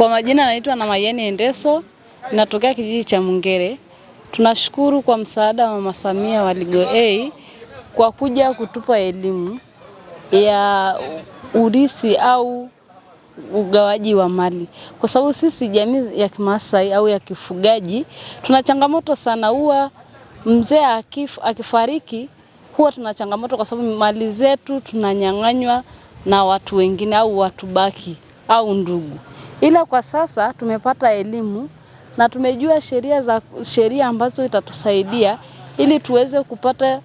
Kwa majina naitwa na Mayeni Endeso, natokea kijiji cha Mungere. Tunashukuru kwa msaada wa Mama Samia wa Legal Aid kwa kuja kutupa elimu ya urithi au ugawaji wa mali, kwa sababu sisi jamii ya kimasai au ya kifugaji tuna changamoto sana. Huwa mzee akifariki, huwa tuna changamoto kwa sababu mali zetu tunanyang'anywa na watu wengine au watu baki au ndugu ila kwa sasa tumepata elimu na tumejua sheria za sheria ambazo itatusaidia ili tuweze kupata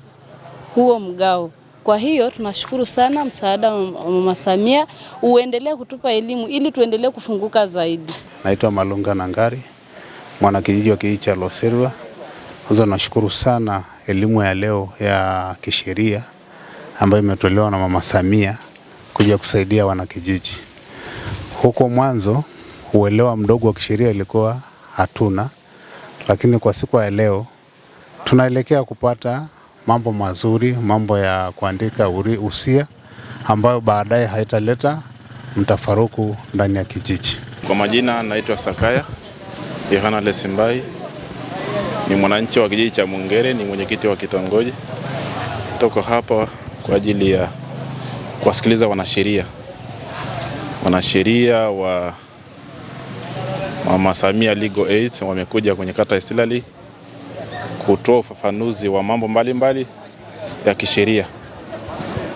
huo mgao. Kwa hiyo tunashukuru sana msaada wa Mama Samia, uendelee kutupa elimu ili tuendelee kufunguka zaidi. Naitwa Malunga Nangari, mwanakijiji wa kijiji cha Loserwa. Kwanza nashukuru sana elimu ya leo ya kisheria ambayo imetolewa na Mama Samia kuja kusaidia wanakijiji. Huko mwanzo uelewa mdogo wa kisheria ilikuwa hatuna, lakini kwa siku ya leo tunaelekea kupata mambo mazuri, mambo ya kuandika usia ambayo baadaye haitaleta mtafaruku ndani ya kijiji. Kwa majina naitwa Sakaya Yohana Lesimbai, ni mwananchi wa kijiji cha Mungere, ni mwenyekiti wa kitongoji. toko hapa kwa ajili ya kuwasikiliza wanasheria wanasheria wa Mama Samia Legal Aid wamekuja kwenye kata ya Istilali kutoa ufafanuzi wa mambo mbalimbali mbali ya kisheria,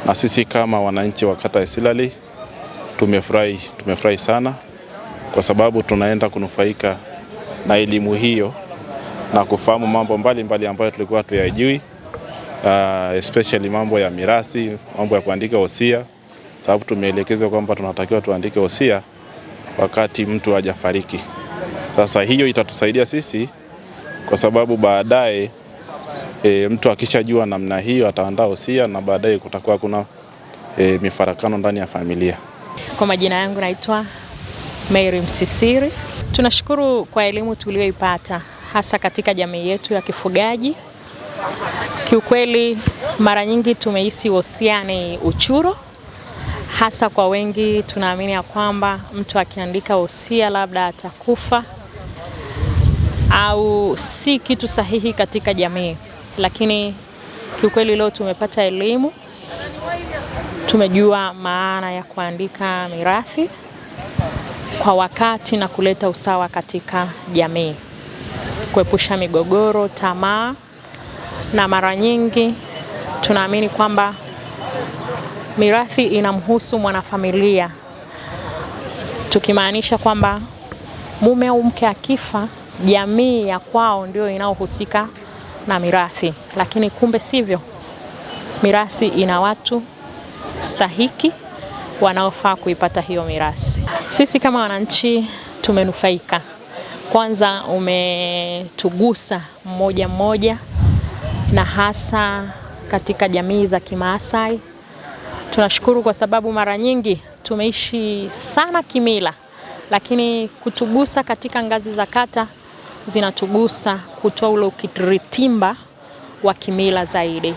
na sisi kama wananchi wa kata ya Istilali tumefurahi, tumefurahi sana kwa sababu tunaenda kunufaika na elimu hiyo na kufahamu mambo mbalimbali mbali ambayo tulikuwa tuyajui, uh, especially mambo ya mirathi, mambo ya kuandika hosia, sababu tumeelekezwa kwamba tunatakiwa tuandike hosia wakati mtu hajafariki. Sasa hiyo itatusaidia sisi kwa sababu baadaye e, mtu akishajua namna hiyo ataandaa hosia na baadaye kutakuwa kuna e, mifarakano ndani ya familia. Kwa majina yangu naitwa Mary Msisiri. Tunashukuru kwa elimu tuliyoipata hasa katika jamii yetu ya kifugaji. Kiukweli mara nyingi tumehisi wosia ni uchuro, hasa kwa wengi tunaamini ya kwamba mtu akiandika wosia labda atakufa au si kitu sahihi katika jamii, lakini kiukweli leo tumepata elimu, tumejua maana ya kuandika mirathi kwa wakati na kuleta usawa katika jamii, kuepusha migogoro, tamaa, na mara nyingi tunaamini kwamba mirathi inamhusu mwanafamilia, tukimaanisha kwamba mume au mke akifa jamii ya kwao ndio inaohusika na mirathi, lakini kumbe sivyo. Mirathi ina watu stahiki wanaofaa kuipata hiyo mirathi. Sisi kama wananchi tumenufaika. Kwanza umetugusa mmoja mmoja, na hasa katika jamii za Kimaasai. Tunashukuru kwa sababu mara nyingi tumeishi sana kimila, lakini kutugusa katika ngazi za kata zinatugusa kutoa ule ukiritimba wa kimila zaidi.